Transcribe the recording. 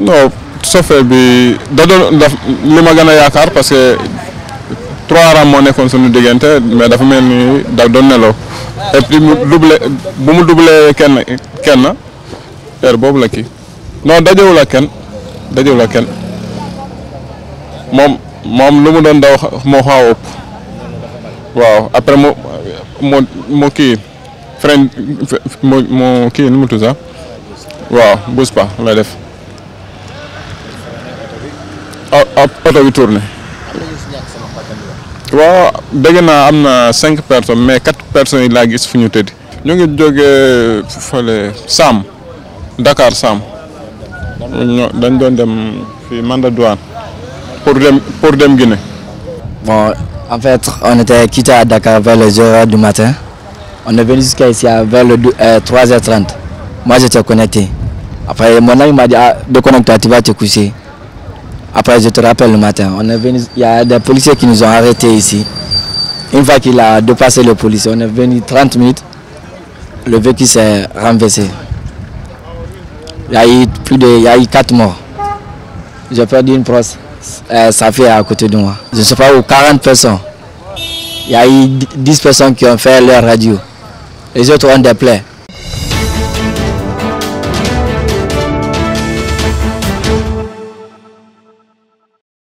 non chauffeur bi da doon li ma gën a yaakaar parce que trois rames moo nekkoon suñu diggante mais dafa mel ni da doon nelaw et mu doublé bu mu dublee kenn kenn heure boobu la ki non dajewul ak kenn dajewul ak kenn moom moom lu mu doon daw moo xaw ëpp waaw après mu mu kii frein mu mu kii nu mu tudd sax waaw bus pa la def. oto bi tourné. waaw dégg naa am na cinq personnes mais 4 personnes yi laa gis fu ñu ngi Sam Dakar Sam. dañ doon dem fii Manda Douane pour dem pour dem Guinée. bon en fait on était quitté à Dakar vers les heures du matin. On est venu jusqu'ici vers le 3h30. Euh, Moi, j'étais connecté. Après, mon ami m'a dit, ah, déconnecte-toi, tu vas te coucher. Après, je te rappelle le matin, on est venu, il y a des policiers qui nous ont arrêtés ici. Une fois qu'il a dépassé le policier, on est venu 30 minutes, le véhicule s'est renversé. Il y a eu plus de, il y a eu 4 morts. J'ai perdu une proche, euh, sa fille à côté de moi. Je ne sais pas où, 40 personnes. Il y a eu 10 personnes qui ont fait leur radio. Les autres ont des plaies.